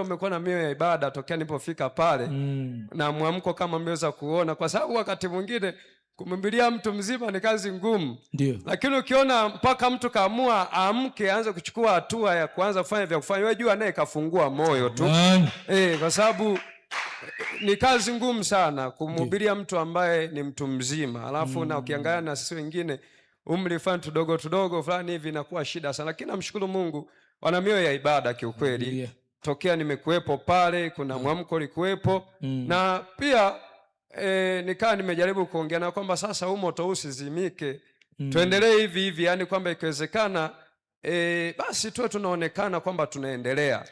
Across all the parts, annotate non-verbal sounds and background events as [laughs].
umekuwa na mioyo ya ibada tokea nilipofika pale mm. na mwamko kama mmeweza kuona, kwa sababu wakati mwingine kumhimbilia mtu mzima ni kazi ngumu, lakini ukiona mpaka mtu kaamua amke aanze kuchukua hatua ya kuanza kufanya vya kufanya, wewe jua naye kafungua moyo tu e, kwa sababu eh, ni kazi ngumu sana kumhubiria mtu ambaye ni mtu mzima alafu mm. na ukiangalia na sisi wengine umri fulani tudogo tudogo fulani hivi inakuwa shida sana, lakini namshukuru Mungu wana mioyo ya ibada kiukweli tokea nimekuwepo pale, kuna mm. mwamko ulikuwepo mm. na pia e, nikaa nimejaribu kuongea na kwamba sasa huu moto usizimike mm. tuendelee hivi hivi, yani kwamba ikiwezekana e, basi tuwe tunaonekana kwamba tunaendelea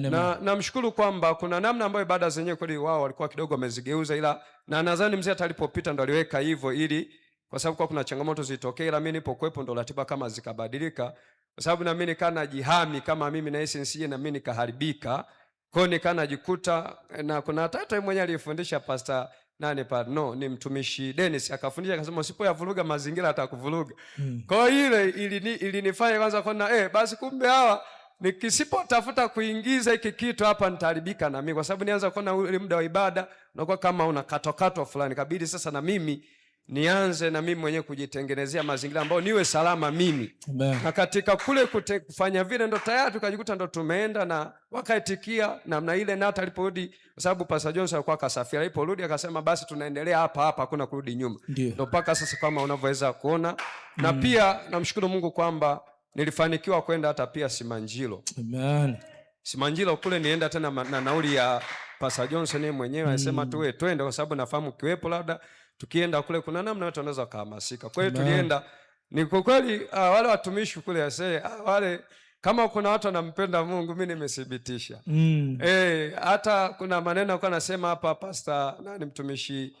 na Namshukuru kwamba kuna namna ambayo ibada zenyewe kweli wao walikuwa kidogo wamezigeuza, ila na nadhani mzee hata alipopita ndo aliweka hivyo ili kwa sababu kwa kuna changamoto zilitokea, ila mimi nipokuwepo ndo ratiba kama zikabadilika kwa sababu nami nikaa najihami kama mimi nahisi nisije nami nikaharibika kwao, nikaa najikuta eh, na kuna tata mwenye aliyefundisha pasta nani pa no ni mtumishi Dennis akafundisha akasema, usipoyavuruga mazingira atakuvuruga. Hmm. Kwa hiyo ile ilini, ilinifanya kwanza kuona eh, basi kumbe hawa nikisipotafuta kuingiza hiki kitu hapa nitaharibika na mimi, kwa sababu nianza kuona ule muda wa ibada unakuwa kama una katokato fulani, kabidi sasa na mimi nianze na mimi mwenyewe kujitengenezea mazingira ambayo niwe salama mimi Na katika kule kute, kufanya vile ndo tayari tukajikuta ndo tumeenda na wakaitikia namna ile, na hata aliporudi, kwa sababu Pastor Johnson alikuwa kasafiri, aliporudi akasema basi tunaendelea hapa hapa, hakuna kurudi nyuma, ndio mpaka sasa kama unavyoweza kuona na mm. pia namshukuru Mungu kwamba nilifanikiwa kwenda hata pia Simanjiro Amen. Simanjiro kule nienda tena na nauli ya Pastor Johnson mwenyewe mm. anasema mm. tuwe twende, kwa sababu nafahamu kiwepo labda tukienda kule kuna namna watu wanaweza wakahamasika. Kwa hiyo tulienda, ni kwa kweli uh, wale watumishi kule asee uh, wale kama kuna watu wanampenda Mungu mi nimethibitisha mm. Eh, hata kuna maneno alikuwa anasema hapa pasta nani mtumishi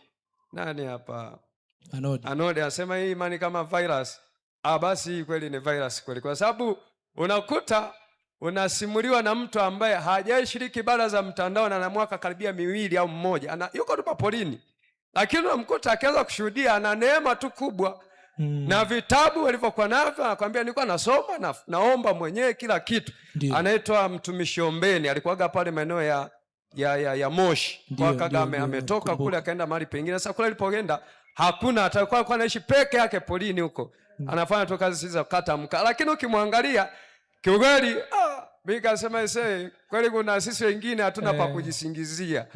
nani hapa Anode, Anode anasema hii imani kama virus. Ah, basi hii kweli ni virus kweli, kwa sababu unakuta unasimuliwa na mtu ambaye hajaishiriki bara za mtandao na na mwaka karibia miwili au mmoja yuko tu paporini lakini unamkuta akianza kushuhudia ana neema tu kubwa mm. na vitabu alivyokuwa navyo anakwambia, nilikuwa nasoma na, naomba mwenyewe kila kitu. Anaitwa mtumishi Ombeni, alikuwaga pale maeneo ya, ya, ya, ya Moshi kwa Kagame, ametoka kule akaenda mahali pengine. Sasa kule alipoenda hakuna atakuwa alikuwa anaishi peke yake polini huko, mm. anafanya tu kazi za kata mkaa, lakini ukimwangalia kiukweli mi nikasema ise, kweli kuna sisi wengine hatuna eh, pa kujisingizia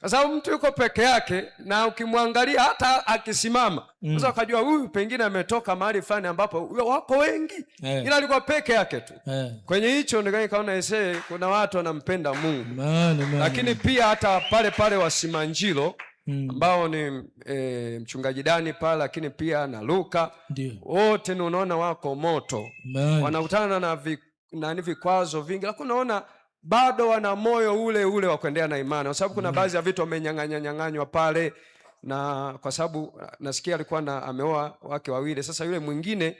kwa sababu mtu yuko peke yake, na ukimwangalia hata akisimama mm. unaweza mm, ukajua huyu pengine ametoka mahali fulani ambapo wako wengi eh, ila alikuwa peke yake tu eh. Kwenye hicho ndio nikaona ise, kuna watu wanampenda Mungu man, man, lakini pia hata pale pale Wasimanjiro mm. ambao ni e, mchungaji Dani pale lakini pia na Luka wote ni unaona wako moto, wanakutana na nani vikwazo vingi, lakini unaona bado wana moyo ule ule wa kuendelea na imani, kwa sababu kuna mm. baadhi ya vitu wamenyang'anya nyang'anywa pale, na kwa sababu nasikia alikuwa na ameoa wake wawili, sasa yule mwingine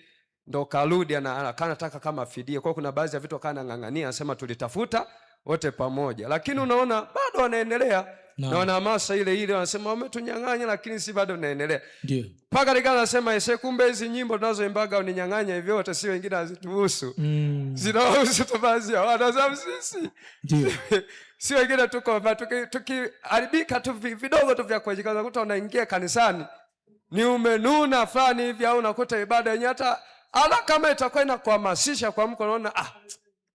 ndo karudi, anataka kama afidie kwao. Kuna baadhi ya vitu akaa nang'ang'ania, anasema tulitafuta wote pamoja, lakini unaona bado wanaendelea no. na wanahamasa ile ile, wanasema wametunyang'anya, lakini si bado naendelea mpaka yeah. Anasema Ese, kumbe hizi nyimbo tunazoimbaga uninyang'anya hivyo wote, si wengine hazituhusu mm. zinawahusu tu baadhi ya wanazamu sisi [laughs] si wengine tuko tukiharibika tuki, tu vidogo tu vya kuejika, unakuta unaingia kanisani ni umenuna fulani hivi, au unakuta ibada yenye hata hata kama itakuwa inakuhamasisha kwa mko, unaona ah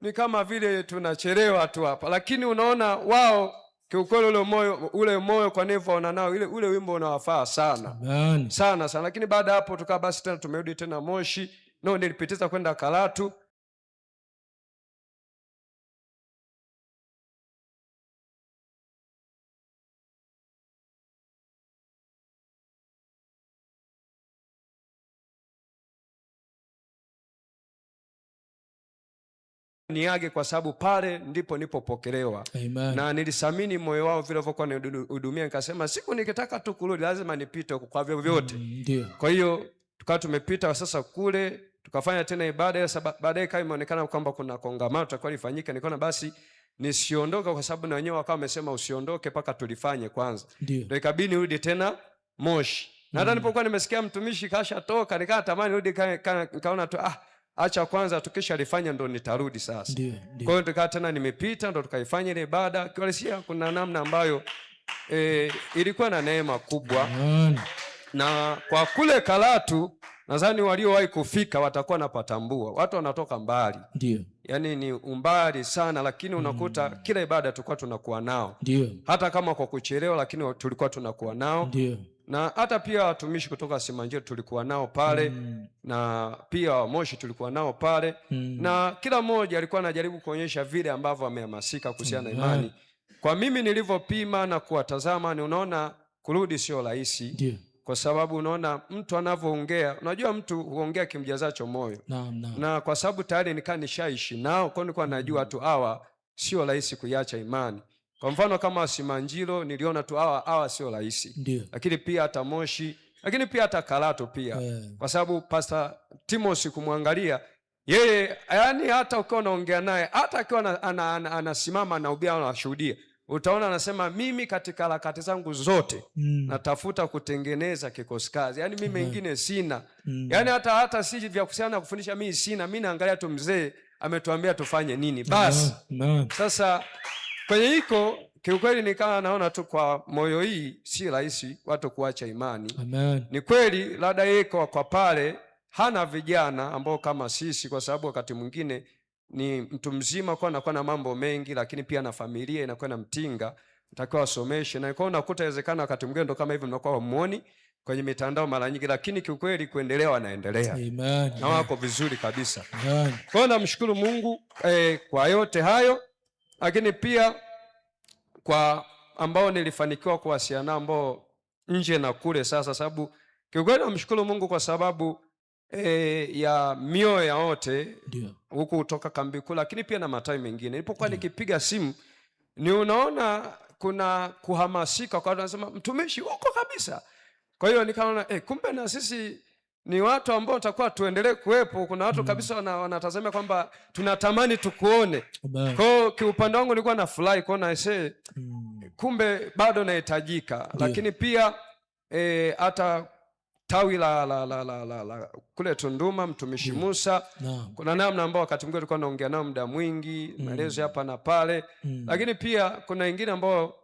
ni kama vile tunachelewa tu hapa, lakini unaona wao kiukweli ule moyo, ule moyo kwa Neva wana nao ile ule wimbo unawafaa sana sana sana, lakini baada ya hapo tukaa basi tena tumerudi tena Moshi, no nilipitiza kwenda Karatu niage kwa sababu pale ndipo nipopokelewa na nilisamini moyo wao vile vilivyokuwa nihudumia. Nikasema siku nikitaka tu kurudi lazima nipite kwa vyovyote. Mm, kwa hiyo tukawa tumepita sasa kule tukafanya tena ibada. hiyo Baadaye kama imeonekana kwamba kuna kongamano tutakuwa lifanyike, nikaona basi nisiondoke kwa sababu na wenyewe wakawa wamesema usiondoke mpaka tulifanye kwanza, ndio ikabidi nirudi tena Moshi. Na hata mm. nilipokuwa nimesikia mtumishi kashatoka nikaa tamani rudi, nikaona tu ah acha kwanza, tukisha ndo nitarudi sasa. Kwa hiyo tukaa tena, nimepita ndo tukaifanya ile ibada kiwalisia. Kuna namna ambayo e, ilikuwa na neema kubwa Diyo. na kwa kule Karatu nadhani waliowahi kufika watakuwa napatambua, watu wanatoka mbali Diyo. Yani ni umbali sana, lakini unakuta mm. kila ibada tulikuwa tunakuwa nao Diyo. hata kama kwa kuchelewa, lakini tulikuwa tunakuwa nao Diyo na hata pia watumishi kutoka Simanjiro tulikuwa nao pale mm. na pia Wamoshi tulikuwa nao pale mm. na kila mmoja alikuwa anajaribu kuonyesha vile ambavyo amehamasika kuhusiana na imani. Kwa mimi nilivyopima na kuwatazama, ni unaona kurudi sio rahisi yeah. Kwa sababu unaona mtu anavyoongea, unajua mtu huongea kimjazacho moyo na, na. na kwa sababu tayari nikaa nishaishi nao, kwa nilikuwa najua watu mm. hawa sio rahisi kuiacha imani. Kwa mfano kama Simanjiro niliona tu hawa hawa sio rahisi. Lakini pia hata Moshi, lakini pia hata Kalato pia. Yeah. Kwa sababu Pastor Timothy kumwangalia yeye yani hata ukiwa unaongea naye hata akiwa anasimama anahubiri anashuhudia utaona anasema mimi katika harakati zangu zote mm. natafuta kutengeneza kikosi kazi, yani mi eh. mengine mm. sina mm. yani hata hata si vya kusiana na kufundisha mi sina, mi naangalia tu mzee ametuambia tufanye nini basi no, no. Sasa Kwenye hiko kiukweli, nikawa naona tu kwa moyo hii si rahisi watu kuacha imani. Amen. Ni kweli labda yeko kwa pale hana vijana ambao kama sisi, kwa sababu wakati mwingine ni mtu mzima kwa anakuwa na mambo mengi, lakini pia na familia inakuwa na mtinga takiwa wasomeshe, na kwa unakuta inawezekana wakati mwingine ndo kama hivyo mnakuwa wamuoni kwenye mitandao mara nyingi, lakini kiukweli kuendelea wanaendelea. Na wako vizuri kabisa. Amen. Kwa namshukuru Mungu eh, kwa yote hayo. Lakini pia kwa ambao nilifanikiwa kuwasiliana ambao nje na kule, sasa sababu kiukweli namshukuru Mungu kwa sababu e, ya mioyo ya wote huku kutoka kambi kuu, lakini pia na matawi mengine nilipokuwa nikipiga simu ni unaona kuna kuhamasika kwa watu wanasema mtumishi huko kabisa. Kwa hiyo nikaona eh, kumbe na sisi ni watu ambao tutakuwa tuendelee kuwepo. Kuna watu mm. kabisa wanatazamia kwamba tunatamani tukuone. Kwao kiupande wangu nilikuwa nafurahi kuona mm. kumbe bado nahitajika, lakini pia e, hata e, tawi la, la, la, la, la, la kule Tunduma mtumishi mm. Musa no. Kuna namna ambao wakati mwingine tulikuwa naongea nao muda mwingi mm. maelezo hapa na pale mm. Lakini pia kuna wengine ambao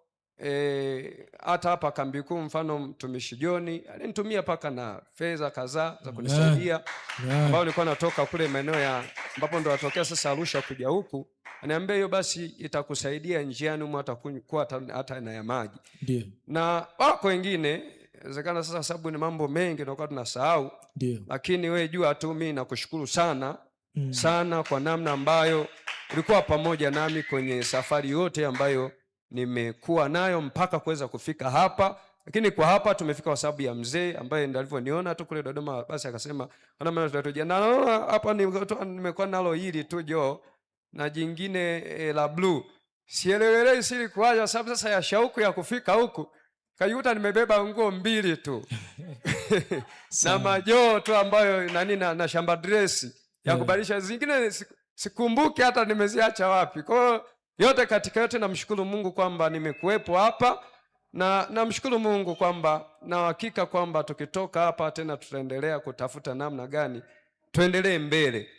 E, hata hapa kambi kuu, mfano mtumishi Joni alinitumia paka na fedha kadhaa za kunisaidia, ambao nilikuwa natoka kule maeneo ya ambapo ndo natokea sasa Arusha kuja huku, aniambia hiyo basi itakusaidia njiani mwa hata hata na ya maji. Ndio. Na wako wengine inawezekana sasa, sababu ni mambo mengi tunakuwa tunasahau. Ndio. Lakini wewe jua tu mimi nakushukuru sana mm, sana kwa namna ambayo ulikuwa pamoja nami kwenye safari yote ambayo nimekuwa nayo mpaka kuweza kufika hapa, lakini kwa hapa tumefika kwa sababu ya mzee ambaye ndiye alivyoniona tu kule Dodoma, basi akasema maana na naona hapa nimekuwa nalo hili tu jo na jingine e, la bluu sielewelei sili kuaja sababu sasa ya shauku ya kufika huku kajikuta nimebeba nguo mbili tu [laughs] na majoo tu ambayo nani na, na shamba dresi ya eh. kubadilisha, zingine sikumbuki hata nimeziacha wapi kwao yote katika yote, namshukuru Mungu kwamba nimekuwepo hapa na namshukuru Mungu kwamba na hakika kwamba tukitoka hapa tena tutaendelea kutafuta namna gani tuendelee mbele.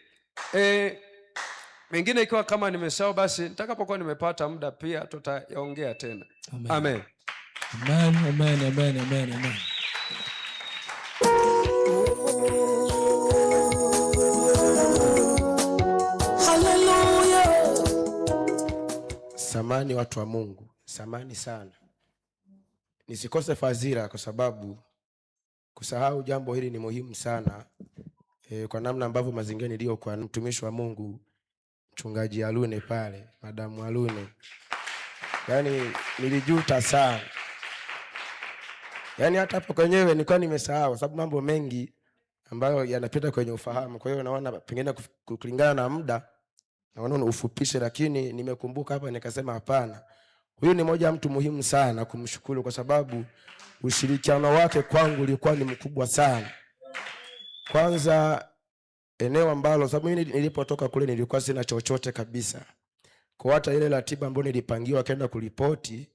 E, mengine ikiwa kama nimesahau, basi nitakapokuwa nimepata muda pia tutayaongea tena. Amen. Amen. Amen, amen, amen, amen, amen. samani watu wa Mungu, samani sana, nisikose fadhila, kwa sababu kusahau jambo hili ni muhimu sana e, kwa namna ambavyo mazingira niliyokuwa mtumishi wa Mungu mchungaji Alune pale, madamu Alune, yaani nilijuta sana, yaani hata hapo kwenyewe nilikuwa nimesahau, kwa sababu mambo mengi ambayo yanapita kwenye ufahamu. Kwa hiyo naona pengine kulingana na muda naona ufupishe, lakini nimekumbuka hapa nikasema hapana, huyu ni moja mtu muhimu sana kumshukuru, kwa sababu ushirikiano wake kwangu ulikuwa ni mkubwa sana. Kwanza eneo ambalo sababu mimi nilipotoka kule nilikuwa sina chochote kabisa, kwa hata ile ratiba ambayo nilipangiwa kenda kulipoti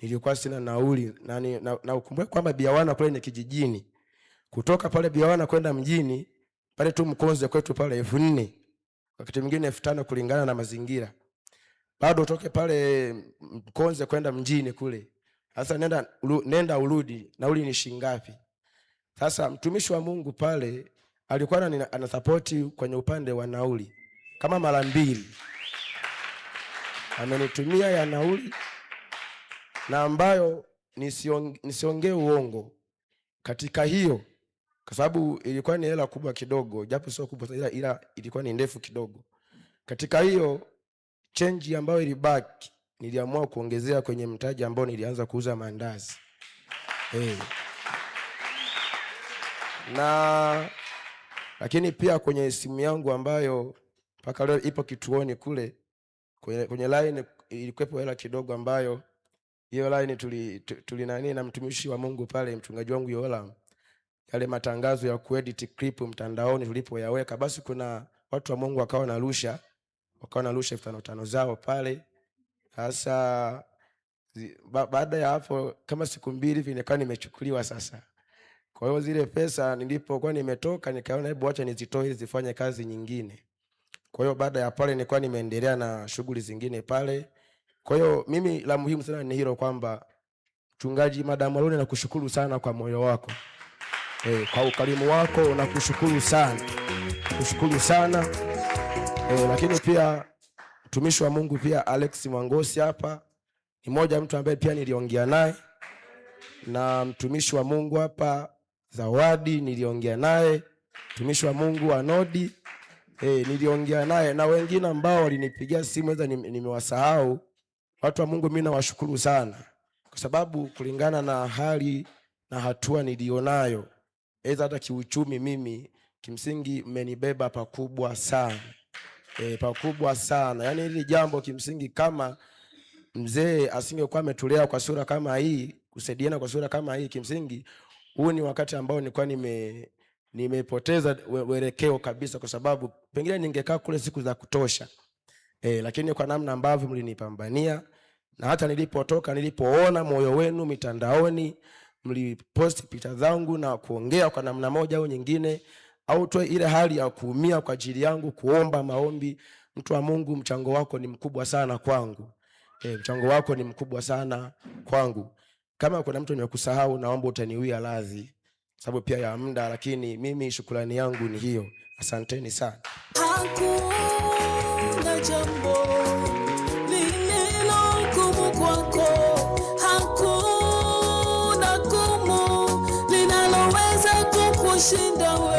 nilikuwa sina nauli na, na, na ukumbuke kwamba Biawana kule ni kijijini, kutoka pale Biawana kwenda mjini pale tu Mkonze kwetu pale elfu nne wakati mwingine elfu tano kulingana na mazingira. Bado utoke pale Mkonze kwenda mjini kule, sasa nenda, nenda urudi, nauli ni shilingi ngapi? Sasa mtumishi wa Mungu pale alikuwa anasapoti kwenye upande wa nauli kama mara mbili amenitumia ya nauli, na ambayo nisiongee uongo katika hiyo kwa sababu ilikuwa ni hela kubwa kidogo, japo sio kubwa, ila, ila ilikuwa ni ndefu kidogo. Katika hiyo chenji ambayo ilibaki, niliamua kuongezea kwenye mtaji ambao nilianza kuuza mandazi hey. Eh. na lakini pia kwenye simu yangu ambayo mpaka leo ipo kituoni kule kwenye, kwenye line ilikuwepo hela kidogo ambayo hiyo line tuli, tuli nani na mtumishi wa Mungu pale mchungaji wangu Yolam yale matangazo ya kuedit clip mtandaoni tulipoyaweka, basi kuna watu wa Mungu wakawa na rusha wakawa narusha elfu tano tano zao pale. Sasa ba, baada ya hapo kama siku mbili hivi nikawa nimechukuliwa sasa. Kwa hiyo zile pesa nilipokuwa nimetoka, nikaona hebu acha nizitoe ili zifanye kazi nyingine. Kwa hiyo baada ya pale nilikuwa nimeendelea na shughuli zingine pale. Kwa hiyo mimi la muhimu sana ni hilo kwamba mchungaji, Madam Aruni, nakushukuru sana kwa moyo wako. E, kwa ukarimu wako nakushukuru sana, kushukuru sana e, lakini pia mtumishi wa Mungu pia Alex Mwangosi hapa ni mmoja mtu ambaye pia niliongea naye na mtumishi wa Mungu hapa Zawadi niliongea naye, mtumishi wa Mungu Anodi eh, niliongea naye na wengine ambao walinipigia simu aidha nimewasahau. Watu wa Mungu, mimi nawashukuru sana kwa sababu kulingana na hali na hatua nilionayo eza hata kiuchumi, mimi kimsingi mmenibeba pakubwa sana e, pakubwa sana yaani, hili jambo kimsingi, kama mzee asingekuwa ametulea kwa sura kama hii, kusaidiana kwa sura kama hii, kimsingi huu ni wakati ambao nilikuwa nime nimepoteza uelekeo kabisa, kwa sababu pengine ningekaa kule siku za kutosha e, lakini kwa namna ambavyo mlinipambania na hata nilipotoka, nilipoona moyo wenu mitandaoni mliposti picha zangu na kuongea kwa namna moja au nyingine, au toe ile hali ya kuumia kwa ajili yangu, kuomba maombi. Mtu wa Mungu, mchango wako ni mkubwa sana kwangu. E, mchango wako ni mkubwa sana kwangu. Kama kuna mtu nimekusahau, naomba utaniwia radhi sababu pia ya muda, lakini mimi shukrani yangu ni hiyo. Asanteni sana. Hakuna jambo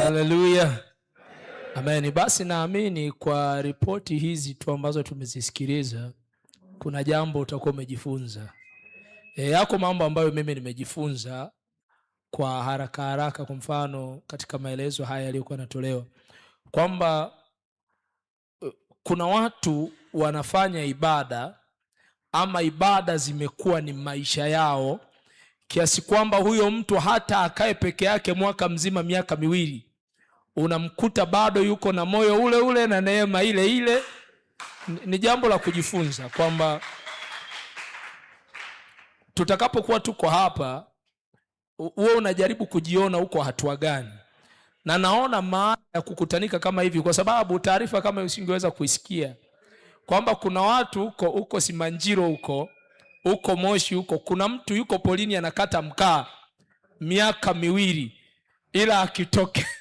Haleluya, amen. Basi naamini kwa ripoti hizi tu ambazo tumezisikiliza, kuna jambo utakuwa umejifunza. E, yako mambo ambayo mimi nimejifunza kwa haraka haraka, kwa mfano katika maelezo haya yaliyokuwa yanatolewa kwamba e, kuna watu wanafanya ibada ama ibada zimekuwa ni maisha yao kiasi kwamba huyo mtu hata akae peke yake mwaka mzima, miaka miwili, unamkuta bado yuko na moyo ule ule na neema ile ile. Ni jambo la kujifunza kwamba tutakapokuwa tuko hapa, wewe unajaribu kujiona uko hatua gani, na naona maana ya kukutanika kama hivi, kwa sababu taarifa kama usingeweza kuisikia kwamba kuna watu huko uko Simanjiro huko huko Moshi huko kuna mtu yuko polini anakata mkaa miaka miwili, ila akitoke [laughs]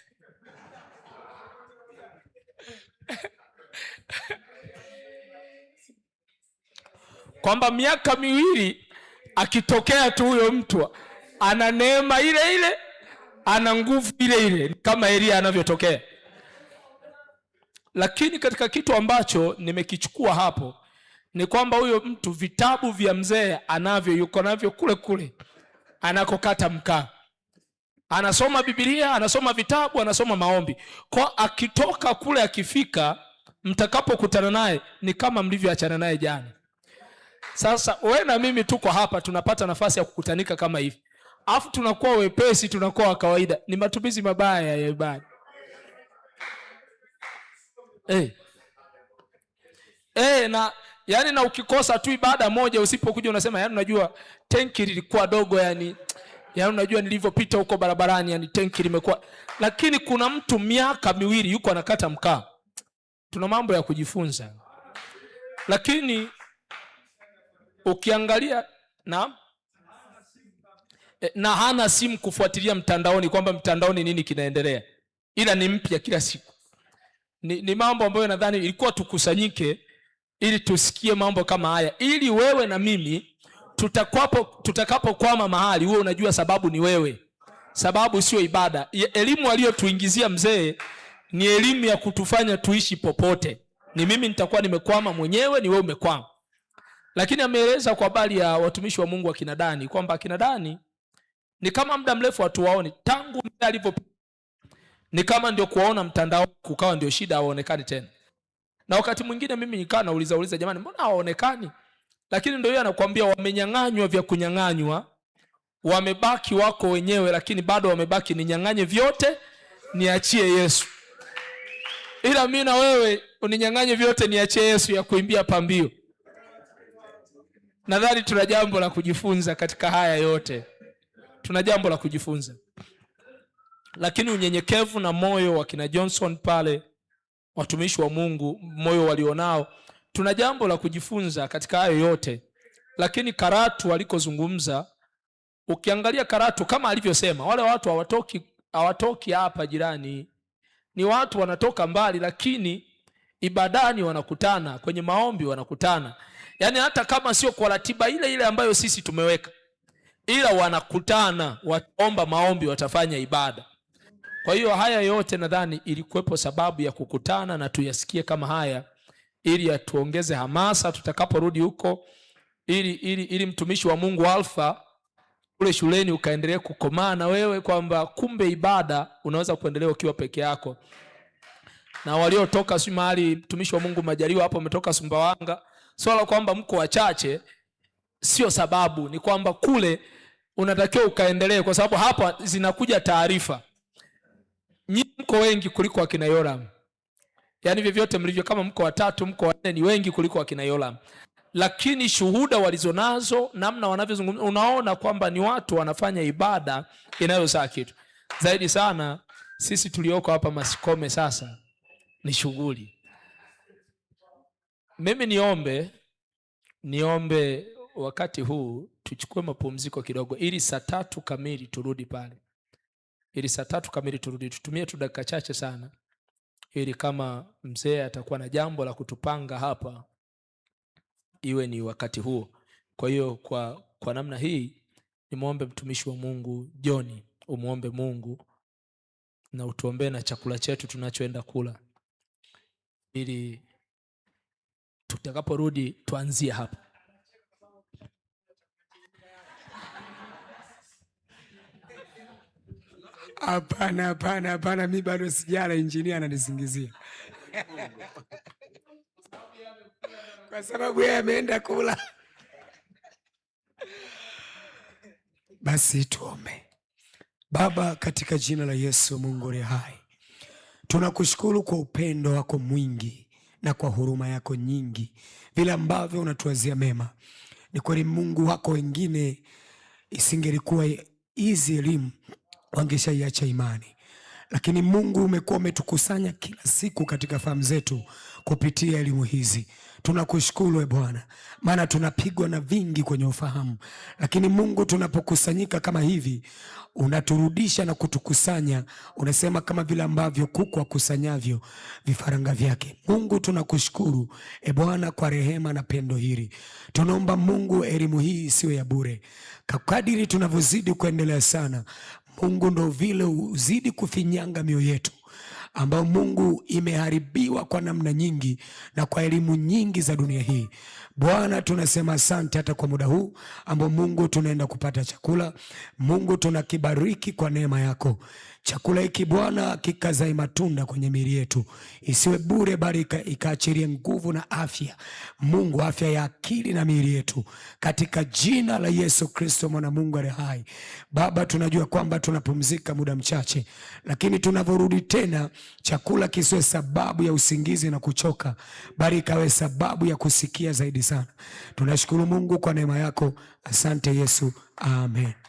kwamba miaka miwili akitokea tu huyo mtu ana neema ile ile, ana nguvu ile ile, kama Elia anavyotokea. Lakini katika kitu ambacho nimekichukua hapo ni kwamba huyo mtu vitabu vya mzee anavyo, yuko navyo kule kule anakokata mkaa. Anasoma bibilia anasoma vitabu, anasoma maombi. Kwa akitoka kule, akifika, mtakapokutana naye ni kama mlivyoachana naye jana. Sasa wewe na mimi tuko hapa, tunapata nafasi ya kukutanika kama hivi, afu tunakuwa wepesi, tunakuwa wa kawaida. Ni matumizi mabaya ya ibada. Hey. Eh. Eh, hey, na Yaani na ukikosa tu ibada moja usipokuja unasema yaani unajua tenki lilikuwa dogo yani. Yaani unajua nilivyopita huko barabarani yani tenki limekuwa. Lakini kuna mtu miaka miwili yuko anakata mkaa. Tuna mambo ya kujifunza. Lakini ukiangalia na e, na hana simu kufuatilia mtandaoni kwamba mtandaoni nini kinaendelea, ila ni mpya kila siku. Ni, ni mambo ambayo nadhani ilikuwa tukusanyike ili tusikie mambo kama haya, ili wewe na mimi tutakapokwama mahali huwe unajua sababu ni wewe, sababu sio ibada. Elimu aliyotuingizia mzee ni elimu ya kutufanya tuishi popote. Ni mimi nitakuwa nimekwama mwenyewe, ni wewe umekwama. Lakini ameeleza kwa habari ya watumishi wa Mungu wa kinadani kwamba kinadani ni kama muda mrefu hatuwaoni tangu mzee alivyo, ni kama ndio kuwaona mtandao kukawa ndio shida, hawaonekani tena. Na wakati mwingine mimi nikaa nauliza uliza, jamani, mbona hawaonekani? Lakini ndio yeye anakuambia wamenyang'anywa vya kunyang'anywa, wamebaki wako wenyewe, lakini bado wamebaki, ninyang'anye vyote niachie Yesu. Ila mimi na wewe uninyang'anye vyote niachie Yesu ya kuimbia pambio. Nadhani tuna jambo la kujifunza katika haya yote, tuna jambo la kujifunza, lakini unyenyekevu na moyo wa kina Johnson pale watumishi wa Mungu, moyo walionao, tuna jambo la kujifunza katika hayo yote. Lakini Karatu alikozungumza, ukiangalia Karatu kama alivyosema, wale watu hawatoki hawatoki hapa jirani, ni watu wanatoka mbali, lakini ibadani wanakutana, kwenye maombi wanakutana, yaani hata kama sio kwa ratiba ile ile ambayo sisi tumeweka, ila wanakutana, wataomba maombi, watafanya ibada. Kwa hiyo haya yote nadhani ilikuwepo sababu ya kukutana na tuyasikie kama haya, ili yatuongeze hamasa tutakaporudi huko, ili, ili, ili mtumishi wa Mungu Alfa kule shuleni ukaendelee kukomaa na wewe kwamba kumbe ibada unaweza kuendelea ukiwa peke yako, na waliotoka si mahali mtumishi wa Mungu Majaliwa hapo umetoka Sumbawanga, swala kwamba mko wachache sio sababu, ni kwamba kule unatakiwa ukaendelee, kwa sababu hapa zinakuja taarifa Nyinyi mko wengi kuliko akina Yoram, yaani vyovyote mlivyo, kama mko watatu, mko wanne, ni wengi kuliko akina Yoram, lakini shuhuda walizonazo, namna wanavyozungumza, unaona kwamba ni watu wanafanya ibada inayozaa kitu zaidi sana. Sisi tulioko hapa Masikome sasa ni shughuli. Mimi niombe niombe wakati huu tuchukue mapumziko kidogo, ili saa tatu kamili turudi pale ili saa tatu kamili turudi, tutumie tu dakika chache sana, ili kama mzee atakuwa na jambo la kutupanga hapa iwe ni wakati huo. Kwa hiyo kwa, kwa namna hii nimwombe mtumishi wa Mungu Joni, umwombe Mungu na utuombee na chakula chetu tunachoenda kula, ili tutakaporudi tuanzie hapa. Hapana, hapana, hapana, mi bado sijala. Injinia ananisingizia kwa sababu yeye ameenda kula. Basi tuombe. Baba, katika jina la Yesu, Mungu ni hai, tunakushukuru kwa upendo wako mwingi na kwa huruma yako nyingi, vile ambavyo unatuwazia mema. Ni kweli Mungu wako wengine isingelikuwa hizi elimu wangeshaiacha imani. Lakini Mungu umekuwa umetukusanya kila siku katika fahamu zetu kupitia elimu hizi. Tunakushukuru e Bwana, maana tunapigwa na vingi kwenye ufahamu, lakini Mungu, tunapokusanyika kama hivi, unaturudisha na kutukusanya. Unasema kama vile ambavyo kuku akusanyavyo vifaranga vyake. Mungu, tunakushukuru e Bwana kwa rehema na pendo hili. Tunaomba Mungu, elimu hii isiwe ya bure. Kadiri tunavyozidi kuendelea sana, Mungu ndo vile uzidi kufinyanga mioyo yetu ambayo Mungu imeharibiwa kwa namna nyingi na kwa elimu nyingi za dunia hii. Bwana, tunasema asante hata kwa muda huu ambao Mungu tunaenda kupata chakula. Mungu tunakibariki kwa neema yako. Chakula hiki Bwana kikazae matunda kwenye miili yetu, isiwe bure, bali ikaachirie nguvu na afya. Mungu, afya ya akili na miili yetu, katika jina la Yesu Kristo, mwana Mungu aliye hai. Baba, tunajua kwamba tunapumzika muda mchache, lakini tunavyorudi tena, chakula kisiwe sababu ya usingizi na kuchoka, bali ikawe sababu ya kusikia zaidi sana. Tunashukuru Mungu kwa neema yako. Asante Yesu, amen.